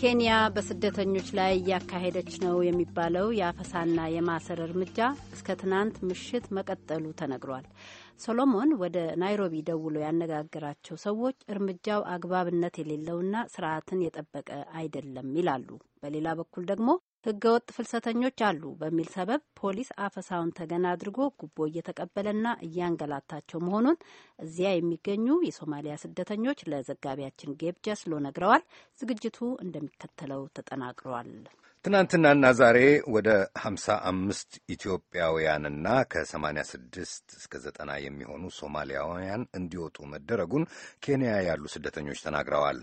ኬንያ በስደተኞች ላይ እያካሄደች ነው የሚባለው የአፈሳና የማሰር እርምጃ እስከ ትናንት ምሽት መቀጠሉ ተነግሯል። ሶሎሞን ወደ ናይሮቢ ደውሎ ያነጋገራቸው ሰዎች እርምጃው አግባብነት የሌለውና ስርዓትን የጠበቀ አይደለም ይላሉ። በሌላ በኩል ደግሞ ህገወጥ ፍልሰተኞች አሉ በሚል ሰበብ ፖሊስ አፈሳውን ተገና አድርጎ ጉቦ እየተቀበለና እያንገላታቸው መሆኑን እዚያ የሚገኙ የሶማሊያ ስደተኞች ለዘጋቢያችን ጌብጀ ስሎ ነግረዋል። ዝግጅቱ እንደሚከተለው ተጠናቅሯል። ትናንትናና ዛሬ ወደ 55 ኢትዮጵያውያንና ከ86 እስከ 90 የሚሆኑ ሶማሊያውያን እንዲወጡ መደረጉን ኬንያ ያሉ ስደተኞች ተናግረዋል።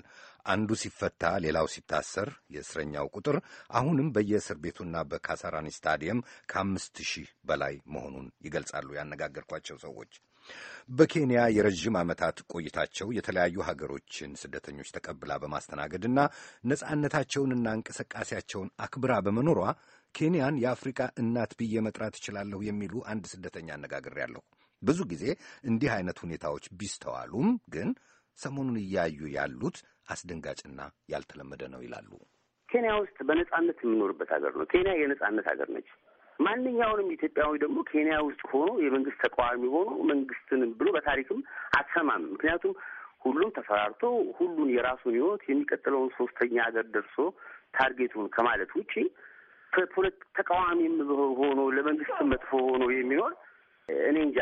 አንዱ ሲፈታ ሌላው ሲታሰር የእስረኛው ቁጥር አሁንም በየእስር ቤቱና በካሳራኒ ስታዲየም ከአምስት ሺህ በላይ መሆኑን ይገልጻሉ ያነጋገርኳቸው ሰዎች። በኬንያ የረዥም ዓመታት ቆይታቸው የተለያዩ ሀገሮችን ስደተኞች ተቀብላ በማስተናገድና ነጻነታቸውንና እንቅስቃሴያቸውን አክብራ በመኖሯ ኬንያን የአፍሪካ እናት ብዬ መጥራት እችላለሁ የሚሉ አንድ ስደተኛ አነጋግሬያለሁ። ብዙ ጊዜ እንዲህ አይነት ሁኔታዎች ቢስተዋሉም ግን ሰሞኑን እያዩ ያሉት አስደንጋጭና ያልተለመደ ነው ይላሉ። ኬንያ ውስጥ በነጻነት የሚኖርበት ሀገር ነው። ኬንያ የነጻነት ሀገር ነች። ማንኛውንም ኢትዮጵያዊ ደግሞ ኬንያ ውስጥ ሆኖ የመንግስት ተቃዋሚ ሆኖ መንግስትን ብሎ በታሪክም አትሰማም። ምክንያቱም ሁሉም ተፈራርቶ ሁሉን የራሱን ህይወት የሚቀጥለውን ሶስተኛ ሀገር ደርሶ ታርጌቱን ከማለት ውጪ ተቃዋሚም ሆኖ ለመንግስት መጥፎ ሆኖ የሚኖር እኔ እንጃ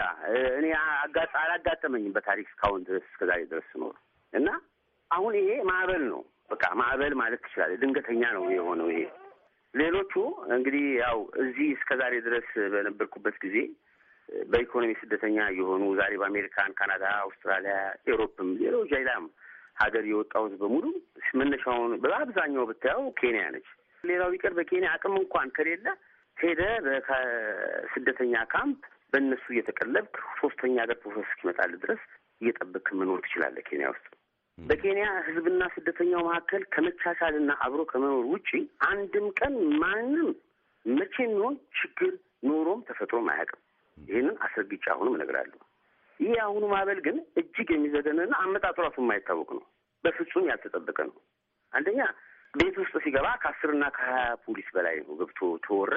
እኔ አጋጣ አላጋጠመኝም በታሪክ እስካሁን ድረስ እስከዛሬ ድረስ ስኖር እና አሁን ይሄ ማዕበል ነው። በቃ ማዕበል ማለት ትችላለህ። ድንገተኛ ነው የሆነው ይሄ። ሌሎቹ እንግዲህ ያው እዚህ ዛሬ ድረስ በነበርኩበት ጊዜ በኢኮኖሚ ስደተኛ የሆኑ ዛሬ በአሜሪካን፣ ካናዳ፣ አውስትራሊያ፣ ኤሮፕም ሌሎች ጃይላም ሀገር የወጣው ህዝብ በሙሉ መነሻውን በአብዛኛው ብታየው ኬንያ ነች። ሌላው ቢቀር በኬንያ አቅም እንኳን ከሌለ ሄደ በስደተኛ ካምፕ በእነሱ እየተቀለብክ ሶስተኛ ሀገር ፕሮሰስ እስኪመጣል ድረስ እየጠበክ መኖር ትችላለህ ኬንያ ውስጥ። በኬንያ ህዝብና ስደተኛው መካከል ከመቻቻልና አብሮ ከመኖር ውጪ አንድም ቀን ማንም መቼ የሚሆን ችግር ኖሮም ተፈጥሮም አያውቅም። ይህንን አስረግጬ አሁንም እነግራለሁ። ይህ አሁኑ ማዕበል ግን እጅግ የሚዘገንና አመጣጡ ራሱ የማይታወቅ ነው። በፍጹም ያልተጠበቀ ነው። አንደኛ ቤት ውስጥ ሲገባ ከአስርና ከሀያ ፖሊስ በላይ ነው ገብቶ ተወረ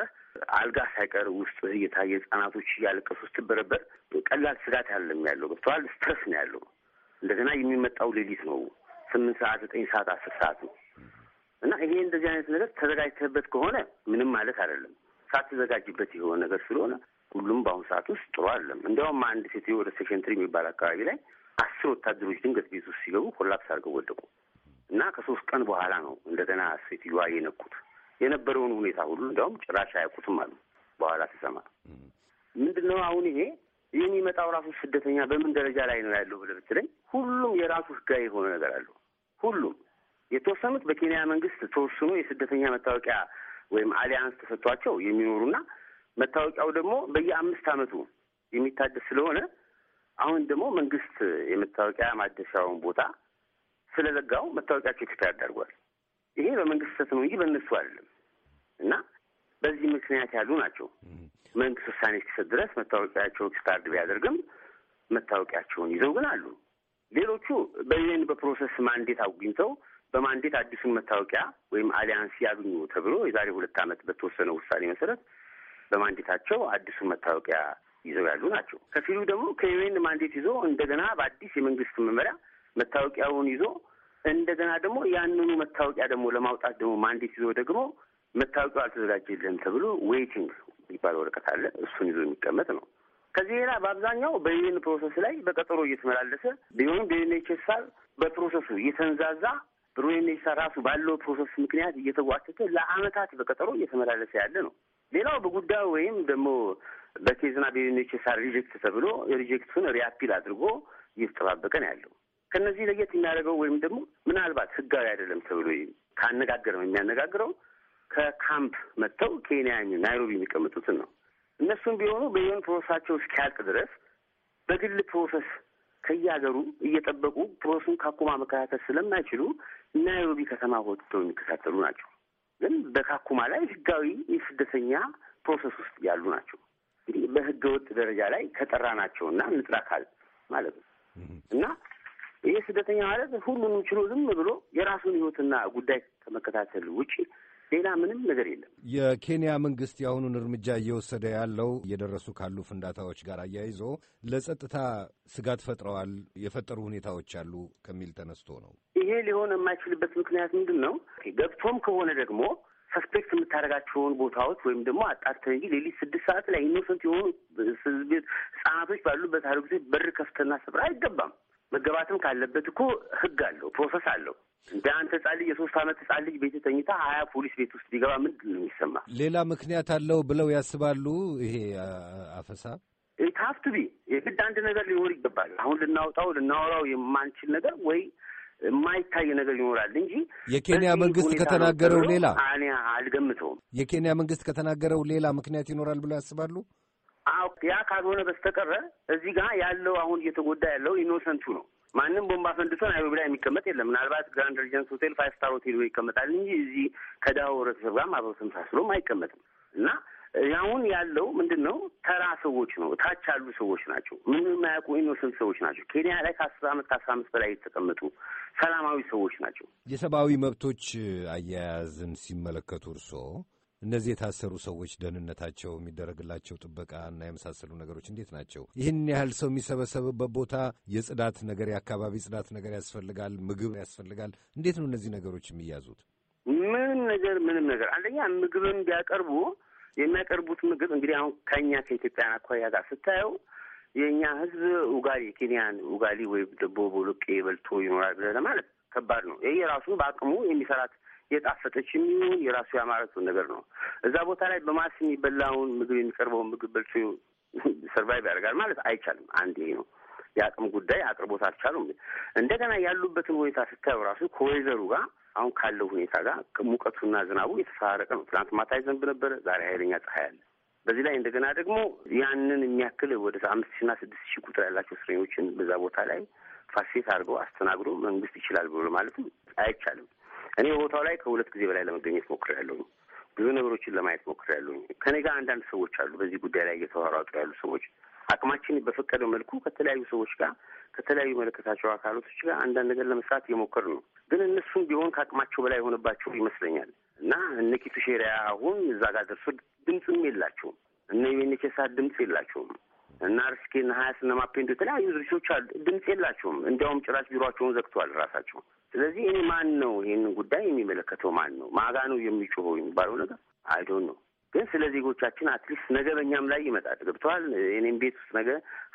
አልጋ ሳይቀር ውስጥ እየታየ ህጻናቶች እያለቀሱ ስትበረበር ቀላል ስጋት ያለም ያለው ገብተዋል። ስትረስ ነው ያለው እንደገና የሚመጣው ሌሊት ነው። ስምንት ሰዓት፣ ዘጠኝ ሰዓት፣ አስር ሰዓት ነው እና ይሄ እንደዚህ አይነት ነገር ተዘጋጅተህበት ከሆነ ምንም ማለት አይደለም። ሳትዘጋጅበት የሆነ ነገር ስለሆነ ሁሉም በአሁኑ ሰዓት ውስጥ ጥሩ አይደለም። እንዲያውም አንድ ሴትዮ ወደ ሴሽንትሪ የሚባል አካባቢ ላይ አስር ወታደሮች ድንገት ቤት ውስጥ ሲገቡ ኮላፕስ አድርገው ወደቁ እና ከሶስት ቀን በኋላ ነው እንደገና ሴትዮዋ የነቁት። የነበረውን ሁኔታ ሁሉ እንዲያውም ጭራሽ አያውቁትም አሉ በኋላ ስሰማ ምንድን ነው አሁን ይሄ የሚመጣው ራሱ ስደተኛ በምን ደረጃ ላይ ነው ያለው ብለህ ብትለኝ ሁሉም የራሱ ህጋዊ የሆነ ነገር አለው። ሁሉም የተወሰኑት በኬንያ መንግስት ተወስኖ የስደተኛ መታወቂያ ወይም አሊያንስ ተሰጥቷቸው የሚኖሩና መታወቂያው ደግሞ በየአምስት ዓመቱ የሚታደስ ስለሆነ አሁን ደግሞ መንግስት የመታወቂያ ማደሻውን ቦታ ስለዘጋው መታወቂያቸው ኤክስፓየር አድርጓል። ይሄ በመንግስት ስህተት ነው እንጂ በእነሱ አይደለም እና በዚህ ምክንያት ያሉ ናቸው። መንግስት ውሳኔ እስኪሰጥ ድረስ መታወቂያቸው ስታርድ ቢያደርግም መታወቂያቸውን ይዘው ግን አሉ። ሌሎቹ በዩኤን በፕሮሰስ ማንዴት አግኝተው በማንዴት አዲሱን መታወቂያ ወይም አሊያንስ ያግኙ ተብሎ የዛሬ ሁለት ዓመት በተወሰነ ውሳኔ መሰረት በማንዴታቸው አዲሱን መታወቂያ ይዘው ያሉ ናቸው። ከፊሉ ደግሞ ከዩኤን ማንዴት ይዞ እንደገና በአዲስ የመንግስት መመሪያ መታወቂያውን ይዞ እንደገና ደግሞ ያንኑ መታወቂያ ደግሞ ለማውጣት ደግሞ ማንዴት ይዞ ደግሞ መታወቂያው አልተዘጋጀልህም ተብሎ ዌይቲንግ የሚባል ወረቀት አለ። እሱን ይዞ የሚቀመጥ ነው። ከዚህ ሌላ በአብዛኛው በይህን ፕሮሰስ ላይ በቀጠሮ እየተመላለሰ ቢሆንም በዩኤንኤችሲአር በፕሮሰሱ እየተንዛዛ በዩኤንኤችሲአር ራሱ ባለው ፕሮሰስ ምክንያት እየተጓተተ ለአመታት በቀጠሮ እየተመላለሰ ያለ ነው። ሌላው በጉዳዩ ወይም ደግሞ በኬዝና በዩኤንኤችሲአር ሪጀክት ተብሎ ሪጀክቱን ሪያፒል አድርጎ እየተጠባበቀ ነው ያለው። ከእነዚህ ለየት የሚያደርገው ወይም ደግሞ ምናልባት ህጋዊ አይደለም ተብሎ ካነጋገር ነው የሚያነጋግረው ከካምፕ መጥተው ኬንያ ናይሮቢ የሚቀመጡትን ነው። እነሱም ቢሆኑ በየን ፕሮሰሳቸው እስኪያልቅ ድረስ በግል ፕሮሰስ ከየሀገሩ እየጠበቁ ፕሮሰሱን ካኩማ መከታተል ስለማይችሉ ናይሮቢ ከተማ ወጥተው የሚከታተሉ ናቸው። ግን በካኩማ ላይ ህጋዊ የስደተኛ ፕሮሰስ ውስጥ ያሉ ናቸው። እንግዲህ በህገ ወጥ ደረጃ ላይ ከጠራ ናቸው እና ንጥር ማለት ነው እና ይህ ስደተኛ ማለት ሁሉንም ችሎ ዝም ብሎ የራሱን ህይወትና ጉዳይ ከመከታተል ውጪ ሌላ ምንም ነገር የለም። የኬንያ መንግስት የአሁኑን እርምጃ እየወሰደ ያለው እየደረሱ ካሉ ፍንዳታዎች ጋር አያይዞ ለጸጥታ ስጋት ፈጥረዋል የፈጠሩ ሁኔታዎች አሉ ከሚል ተነስቶ ነው። ይሄ ሊሆን የማይችልበት ምክንያት ምንድን ነው? ገብቶም ከሆነ ደግሞ ሰስፔክት የምታደርጋቸውን ቦታዎች ወይም ደግሞ አጣርተ እንጂ ሌሊት ስድስት ሰዓት ላይ ኢኖሰንት የሆኑ ህጻናቶች ባሉበት ጊዜ በር ከፍተና ስፍራ አይገባም። መገባትም ካለበት እኮ ህግ አለው፣ ፕሮሰስ አለው። እንደ አንተ ህጻን ልጅ የሶስት አመት ህጻን ልጅ ቤት ተኝታ ሀያ ፖሊስ ቤት ውስጥ ቢገባ ምንድን ነው የሚሰማ? ሌላ ምክንያት አለው ብለው ያስባሉ። ይሄ አፈሳ ሀፍት ቢ የግድ አንድ ነገር ሊኖር ይገባል። አሁን ልናወጣው ልናወራው የማንችል ነገር ወይ የማይታይ ነገር ይኖራል እንጂ የኬንያ መንግስት ከተናገረው ሌላ እኔ አልገምተውም። የኬንያ መንግስት ከተናገረው ሌላ ምክንያት ይኖራል ብለው ያስባሉ። ያ ካልሆነ በስተቀረ እዚህ ጋር ያለው አሁን እየተጎዳ ያለው ኢኖሰንቱ ነው። ማንም ቦምብ አፈንድቶ ናይሮቢ ላይ የሚቀመጥ የለም። ምናልባት ግራንድ ሬጀንስ ሆቴል ፋይቭ ስታር ሆቴል ይቀመጣል እንጂ እዚህ ከድሃው ህብረተሰብ ጋር አብሮ ተመሳስሎም አይቀመጥም እና አሁን ያለው ምንድን ነው? ተራ ሰዎች ነው። ታች ያሉ ሰዎች ናቸው። ምንም የማያውቁ ኢኖሰንት ሰዎች ናቸው። ኬንያ ላይ ከአስር አመት ከአስራ አምስት በላይ የተቀመጡ ሰላማዊ ሰዎች ናቸው። የሰብአዊ መብቶች አያያዝን ሲመለከቱ እርስዎ እነዚህ የታሰሩ ሰዎች ደህንነታቸው የሚደረግላቸው ጥበቃ እና የመሳሰሉ ነገሮች እንዴት ናቸው? ይህን ያህል ሰው የሚሰበሰብበት ቦታ የጽዳት ነገር የአካባቢ ጽዳት ነገር ያስፈልጋል፣ ምግብ ያስፈልጋል። እንዴት ነው እነዚህ ነገሮች የሚያዙት? ምንም ነገር ምንም ነገር አንደኛ ምግብን ቢያቀርቡ የሚያቀርቡት ምግብ እንግዲህ አሁን ከኛ ከኢትዮጵያን አኳያ ጋር ስታየው የእኛ ህዝብ ኡጋሊ ኬንያን ኡጋሊ ወይም ደቦ ቦሎቄ በልቶ ይኖራል ብለህ ለማለት ከባድ ነው። ይሄ የራሱን በአቅሙ የሚሰራት የጣፈጠች የሚሆን የራሱ ያማረቱን ነገር ነው። እዛ ቦታ ላይ በማስ የሚበላውን ምግብ የሚቀርበውን ምግብ በልቶ ሰርቫይቭ ያደርጋል ማለት አይቻልም። አንድ ይሄ ነው የአቅም ጉዳይ፣ አቅርቦት አልቻሉም። እንደገና ያሉበትን ሁኔታ ስታዩ ራሱ ከወይዘሩ ጋር አሁን ካለው ሁኔታ ጋር ሙቀቱና ዝናቡ የተፈራረቀ ነው። ትናንት ማታ ይዘንብ ነበረ፣ ዛሬ ኃይለኛ ፀሐይ አለ። በዚህ ላይ እንደገና ደግሞ ያንን የሚያክል ወደ አምስት ሺና ስድስት ሺህ ቁጥር ያላቸው እስረኞችን በዛ ቦታ ላይ ፋሲሊቴት አድርገው አስተናግዶ መንግስት ይችላል ብሎ ማለትም አይቻልም። እኔ ቦታው ላይ ከሁለት ጊዜ በላይ ለመገኘት ሞክሬያለሁ። ብዙ ነገሮችን ለማየት ሞክሬያለሁ። ከኔ ጋር አንዳንድ ሰዎች አሉ፣ በዚህ ጉዳይ ላይ እየተሯሯጡ ያሉ ሰዎች። አቅማችን በፈቀደው መልኩ ከተለያዩ ሰዎች ጋር ከተለያዩ መለከታቸው አካሎቶች ጋር አንዳንድ ነገር ለመስራት እየሞከር ነው። ግን እነሱም ቢሆን ከአቅማቸው በላይ የሆነባቸው ይመስለኛል እና እነ ኪቱ ሼሪያ አሁን እዛ ጋር ደርሶ ድምፅም የላቸውም እነ የቤኔኬሳ ድምፅ የላቸውም እና ና ሀያስ እነ ማፔንዶ የተለያዩ ድርጅቶች አሉ፣ ድምፅ የላቸውም። እንዲያውም ጭራሽ ቢሮቸውን ዘግተዋል ራሳቸው ስለዚህ እኔ ማን ነው ይህን ጉዳይ የሚመለከተው ማን ነው ማጋ ነው የሚጮኸው የሚባለው ነገር አይዶን ነው። ግን ስለ ዜጎቻችን አትሊስት ነገ በእኛም ላይ ይመጣል። ገብተዋል። እኔም ቤት ውስጥ ነገ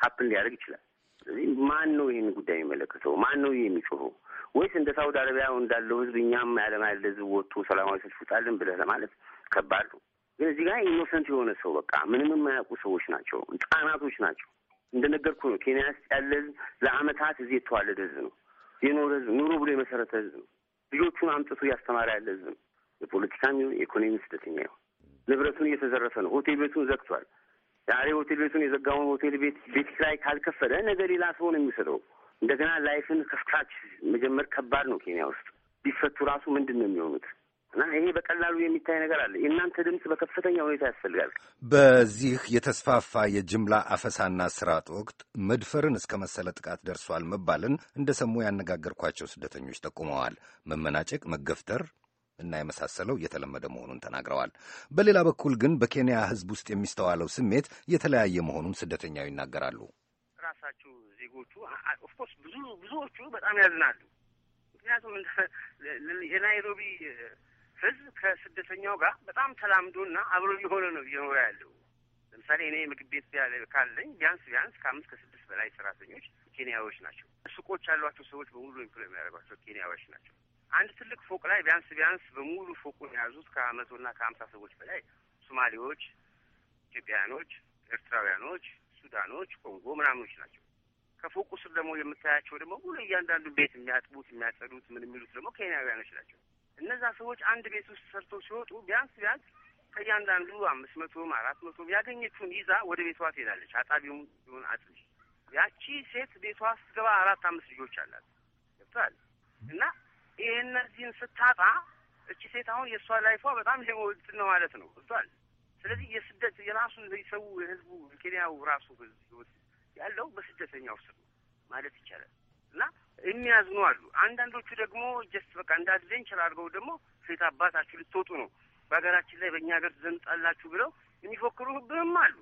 ሀፕን ሊያደርግ ይችላል። ስለዚህ ማን ነው ይህን ጉዳይ የሚመለከተው ማን ነው የሚጮኸው? ወይስ እንደ ሳውዲ አረቢያ እንዳለው ህዝብ እኛም ያለም ያለ ህዝብ ወጥቶ ሰላማዊ ሰልፍ ውጣልን ብለህ ለማለት ከባድ ነው። ግን እዚህ ጋር ኢኖሰንት የሆነ ሰው በቃ ምንም የማያውቁ ሰዎች ናቸው፣ ህጻናቶች ናቸው። እንደነገርኩ ነው ኬንያ ውስጥ ያለ ህዝብ ለአመታት እዚህ የተዋለደ ህዝብ ነው። የኖረ ህዝብ ኑሮ ብሎ የመሰረተ ህዝብ ነው። ልጆቹን አምጥቶ እያስተማረ ያለ ህዝብ ነው። የፖለቲካ ይሁን የኢኮኖሚ ስደተኛ ይሆን ንብረቱን እየተዘረፈ ነው። ሆቴል ቤቱን ዘግቷል። ዛሬ ሆቴል ቤቱን የዘጋውን ሆቴል ቤት ቤት ኪራይ ካልከፈለ ነገ ሌላ ሰው ነው የሚሰጠው። እንደገና ላይፍን ከስክራች መጀመር ከባድ ነው። ኬንያ ውስጥ ቢፈቱ ራሱ ምንድን ነው የሚሆኑት? እና ይሄ በቀላሉ የሚታይ ነገር አለ። የእናንተ ድምፅ በከፍተኛ ሁኔታ ያስፈልጋል። በዚህ የተስፋፋ የጅምላ አፈሳና ስርዓት ወቅት መድፈርን እስከ መሰለ ጥቃት ደርሷል መባልን እንደ ሰሙ ያነጋገርኳቸው ስደተኞች ጠቁመዋል። መመናጨቅ፣ መገፍተር እና የመሳሰለው እየተለመደ መሆኑን ተናግረዋል። በሌላ በኩል ግን በኬንያ ሕዝብ ውስጥ የሚስተዋለው ስሜት የተለያየ መሆኑን ስደተኛው ይናገራሉ። ራሳችሁ ዜጎቹ ኦፍኮርስ ብዙ ብዙዎቹ በጣም ያዝናሉ። ምክንያቱም የናይሮቢ ህዝብ ከስደተኛው ጋር በጣም ተላምዶና አብሮ የሆነ ነው እየኖረ ያለው። ለምሳሌ እኔ ምግብ ቤት ካለኝ ቢያንስ ቢያንስ ከአምስት ከስድስት በላይ ሰራተኞች ኬንያዎች ናቸው። ሱቆች ያሏቸው ሰዎች በሙሉ ኢምፕሎ የሚያደርጓቸው ኬንያዎች ናቸው። አንድ ትልቅ ፎቅ ላይ ቢያንስ ቢያንስ በሙሉ ፎቁን የያዙት ከመቶና ከአምሳ ሰዎች በላይ ሶማሌዎች፣ ኢትዮጵያውያኖች፣ ኤርትራውያኖች፣ ሱዳኖች፣ ኮንጎ ምናምኖች ናቸው። ከፎቁ ስር ደግሞ የምታያቸው ደግሞ ሙሉ እያንዳንዱ ቤት የሚያጥቡት የሚያጸዱት ምን የሚሉት ደግሞ ኬንያውያኖች ናቸው። እነዛ ሰዎች አንድ ቤት ውስጥ ሰርቶ ሲወጡ ቢያንስ ቢያንስ ከእያንዳንዱ አምስት መቶም አራት መቶ ያገኘችውን ይዛ ወደ ቤቷ ትሄዳለች። አጣቢውም ቢሆን አጥቢ ያቺ ሴት ቤቷ ስትገባ አራት አምስት ልጆች አላት ገብቷል። እና ይህ እነዚህን ስታጣ እቺ ሴት አሁን የእሷ ላይፏ በጣም ሊሞት ነው ማለት ነው ገብቷል። ስለዚህ የስደት የራሱን ሰው የህዝቡ ኬንያው ራሱ ህዝብ ያለው በስደተኛው ስር ማለት ይቻላል። እና የሚያዝኑ አሉ። አንዳንዶቹ ደግሞ ጀስት በቃ እንዳለኝ ችላ አድርገው ደግሞ ሴት አባታችሁ ልትወጡ ነው በሀገራችን ላይ በእኛ ሀገር ዘንጣላችሁ ብለው የሚፎክሩ ህብህም አሉ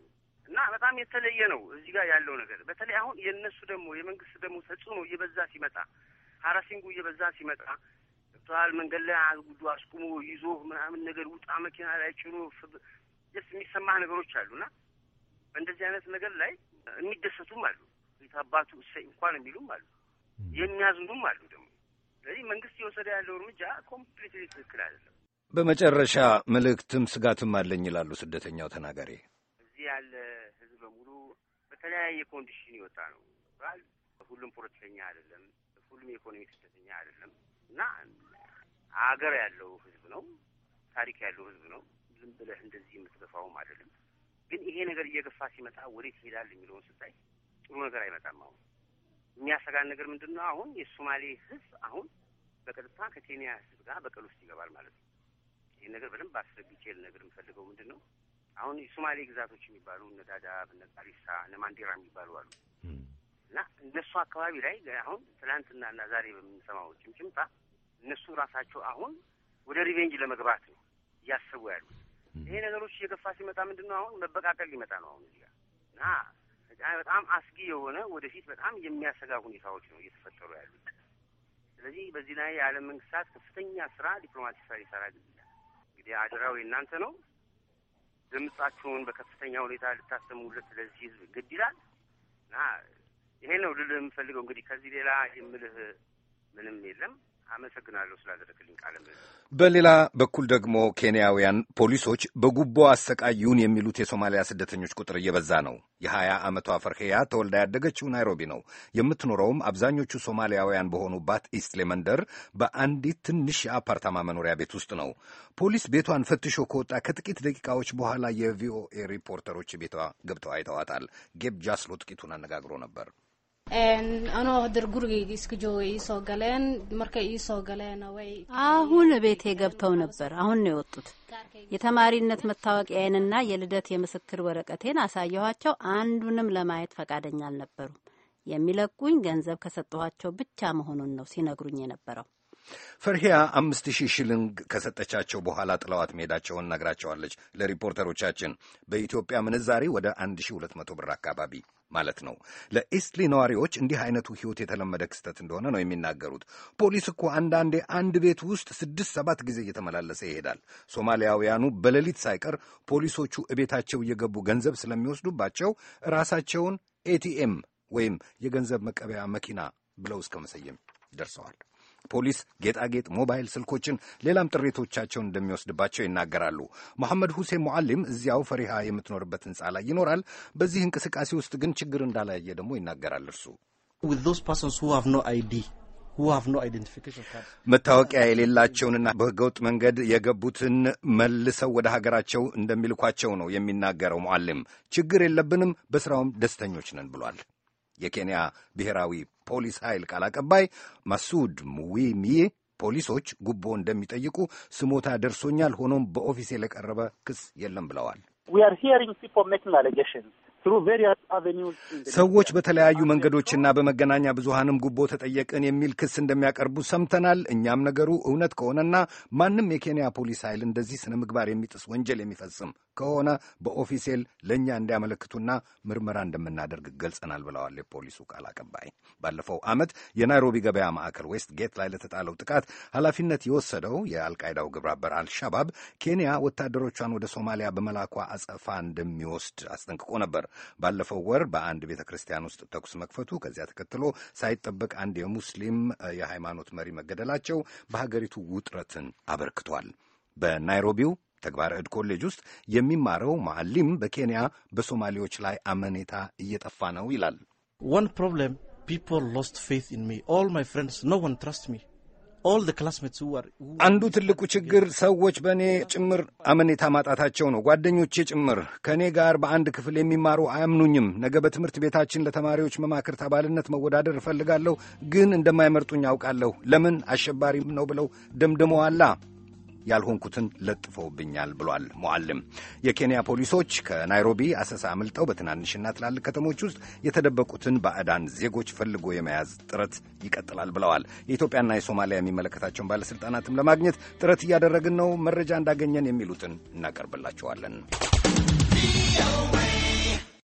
እና በጣም የተለየ ነው እዚህ ጋር ያለው ነገር። በተለይ አሁን የእነሱ ደግሞ የመንግስት ደግሞ ተጽዕኖ እየበዛ ሲመጣ ሀራሲንጉ እየበዛ ሲመጣ ገብተዋል መንገድ ላይ አጉዱ አስቁሞ ይዞ ምናምን ነገር ውጣ መኪና ላይ ጭኖ ስ የሚሰማ ነገሮች አሉና በእንደዚህ አይነት ነገር ላይ የሚደሰቱም አሉ። ቤት አባቱ እሰይ እንኳን የሚሉም አሉ። የሚያዝኑም አሉ ደግሞ። ስለዚህ መንግስት የወሰደ ያለው እርምጃ ኮምፕሊት ትክክል አይደለም። በመጨረሻ መልእክትም ስጋትም አለኝ ይላሉ ስደተኛው ተናጋሪ። እዚህ ያለ ህዝብ በሙሉ በተለያየ ኮንዲሽን ይወጣ ነው። ሁሉም ፖለቲከኛ አይደለም፣ ሁሉም የኢኮኖሚ ስደተኛ አይደለም እና አገር ያለው ህዝብ ነው፣ ታሪክ ያለው ህዝብ ነው። ዝም ብለህ እንደዚህ የምትገፋውም አይደለም። ግን ይሄ ነገር እየገፋ ሲመጣ ወዴት ይሄዳል የሚለውን ስታይ ጥሩ ነገር አይመጣም አሁን የሚያሰጋን ነገር ምንድን ነው? አሁን የሶማሌ ህዝብ አሁን በቀጥታ ከኬንያ ህዝብ ጋር በቀል ውስጥ ይገባል ማለት ነው። ይህ ነገር በደንብ አስረግጬ ልነግር የምፈልገው ምንድን ነው? አሁን የሶማሌ ግዛቶች የሚባሉ እነ ዳዳብ፣ እነ ጋሪሳ፣ እነ ማንዴራ የሚባሉ አሉ እና እነሱ አካባቢ ላይ አሁን ትናንትና እና ዛሬ በምንሰማው ጭምጭምታ እነሱ ራሳቸው አሁን ወደ ሪቬንጅ ለመግባት ነው እያሰቡ ያሉት። ይሄ ነገሮች እየገፋ ሲመጣ ምንድን ነው አሁን መበቃቀል ሊመጣ ነው አሁን እዚህ ጋር እና በጣም አስጊ የሆነ ወደፊት በጣም የሚያሰጋ ሁኔታዎች ነው እየተፈጠሩ ያሉት። ስለዚህ በዚህ ላይ የዓለም መንግስታት ከፍተኛ ስራ ዲፕሎማቲክ ስራ ሊሰራ ግብላል። እንግዲህ አደራው የእናንተ ነው። ድምጻችሁን በከፍተኛ ሁኔታ ልታሰሙለት ለዚህ ህዝብ ግድ ይላል እና ይሄ ነው ልልህ የምፈልገው። እንግዲህ ከዚህ ሌላ የምልህ ምንም የለም። አመሰግናለሁ ስላደረግልኝ ቃለ በሌላ በኩል ደግሞ ኬንያውያን ፖሊሶች በጉቦ አሰቃዩን የሚሉት የሶማሊያ ስደተኞች ቁጥር እየበዛ ነው። የሀያ ዓመቷ ፈርሄያ ተወልዳ ያደገችው ናይሮቢ ነው። የምትኖረውም አብዛኞቹ ሶማሊያውያን በሆኑባት ኢስትሌ መንደር በአንዲት ትንሽ የአፓርታማ መኖሪያ ቤት ውስጥ ነው። ፖሊስ ቤቷን ፈትሾ ከወጣ ከጥቂት ደቂቃዎች በኋላ የቪኦኤ ሪፖርተሮች ቤቷ ገብተው አይተዋታል። ጌብ ጃስሎ ጥቂቱን አነጋግሮ ነበር። አሁን ቤቴ ገብተው ነበር። አሁን ነው የወጡት። የተማሪነት መታወቂያዬንና የልደት የምስክር ወረቀቴን አሳየኋቸው። አንዱንም ለማየት ፈቃደኛ አልነበሩም። የሚለቁኝ ገንዘብ ከሰጠኋቸው ብቻ መሆኑን ነው ሲነግሩኝ የነበረው። ፈርሂያ አምስት ሺህ ሽልንግ ከሰጠቻቸው በኋላ ጥለዋት መሄዳቸውን ነግራቸዋለች ለሪፖርተሮቻችን በኢትዮጵያ ምንዛሬ ወደ 1200 ብር አካባቢ ማለት ነው። ለኢስትሊ ነዋሪዎች እንዲህ አይነቱ ህይወት የተለመደ ክስተት እንደሆነ ነው የሚናገሩት። ፖሊስ እኮ አንዳንዴ አንድ ቤት ውስጥ ስድስት ሰባት ጊዜ እየተመላለሰ ይሄዳል። ሶማሊያውያኑ በሌሊት ሳይቀር ፖሊሶቹ እቤታቸው እየገቡ ገንዘብ ስለሚወስዱባቸው ራሳቸውን ኤቲኤም ወይም የገንዘብ መቀበያ መኪና ብለው እስከ መሰየም ደርሰዋል። ፖሊስ ጌጣጌጥ፣ ሞባይል ስልኮችን፣ ሌላም ጥሪቶቻቸውን እንደሚወስድባቸው ይናገራሉ። መሐመድ ሁሴን ሙዓሊም እዚያው ፈሪሃ የምትኖርበት ህንፃ ላይ ይኖራል። በዚህ እንቅስቃሴ ውስጥ ግን ችግር እንዳላየ ደግሞ ይናገራል። እርሱ መታወቂያ የሌላቸውንና በህገወጥ መንገድ የገቡትን መልሰው ወደ ሀገራቸው እንደሚልኳቸው ነው የሚናገረው። ሙዓሊም ችግር የለብንም፣ በስራውም ደስተኞች ነን ብሏል። የኬንያ ብሔራዊ ፖሊስ ኃይል ቃል አቀባይ ማሱድ ሙዊሚዬ ፖሊሶች ጉቦ እንደሚጠይቁ ስሞታ ደርሶኛል፣ ሆኖም በኦፊስ የቀረበ ክስ የለም ብለዋል። ሰዎች በተለያዩ መንገዶችና በመገናኛ ብዙሃንም ጉቦ ተጠየቅን የሚል ክስ እንደሚያቀርቡ ሰምተናል። እኛም ነገሩ እውነት ከሆነና ማንም የኬንያ ፖሊስ ኃይል እንደዚህ ስነ ምግባር የሚጥስ ወንጀል የሚፈጽም ከሆነ በኦፊሴል ለእኛ እንዲያመለክቱና ምርመራ እንደምናደርግ ገልጸናል ብለዋል የፖሊሱ ቃል አቀባይ። ባለፈው ዓመት የናይሮቢ ገበያ ማዕከል ዌስት ጌት ላይ ለተጣለው ጥቃት ኃላፊነት የወሰደው የአልቃይዳው ግብረ አልሻባብ ኬንያ ወታደሮቿን ወደ ሶማሊያ በመላኳ አጸፋ እንደሚወስድ አስጠንቅቆ ነበር። ባለፈው ወር በአንድ ቤተ ክርስቲያን ውስጥ ተኩስ መክፈቱ፣ ከዚያ ተከትሎ ሳይጠበቅ አንድ የሙስሊም የሃይማኖት መሪ መገደላቸው በሀገሪቱ ውጥረትን አበርክቷል። በናይሮቢው ተግባረ ዕድ ኮሌጅ ውስጥ የሚማረው ማዕሊም በኬንያ በሶማሌዎች ላይ አመኔታ እየጠፋ ነው ይላል። ዋን ፕሮብለም ፒፖል ሎስት ፌይዝ ኢን ሚ ኦል ማይ ፍሬንድስ ኖ ዋን ትረስት ሚ አንዱ ትልቁ ችግር ሰዎች በእኔ ጭምር አመኔታ ማጣታቸው ነው። ጓደኞቼ ጭምር ከእኔ ጋር በአንድ ክፍል የሚማሩ አያምኑኝም። ነገ በትምህርት ቤታችን ለተማሪዎች መማክርት አባልነት መወዳደር እፈልጋለሁ፣ ግን እንደማይመርጡኝ አውቃለሁ። ለምን አሸባሪም ነው ብለው ደምድመዋላ። ያልሆንኩትን ለጥፈውብኛል ብሏል ሞዓልም። የኬንያ ፖሊሶች ከናይሮቢ አሰሳ አምልጠው በትናንሽና ትላልቅ ከተሞች ውስጥ የተደበቁትን ባዕዳን ዜጎች ፈልጎ የመያዝ ጥረት ይቀጥላል ብለዋል። የኢትዮጵያና የሶማሊያ የሚመለከታቸውን ባለሥልጣናትም ለማግኘት ጥረት እያደረግን ነው። መረጃ እንዳገኘን የሚሉትን እናቀርብላቸዋለን።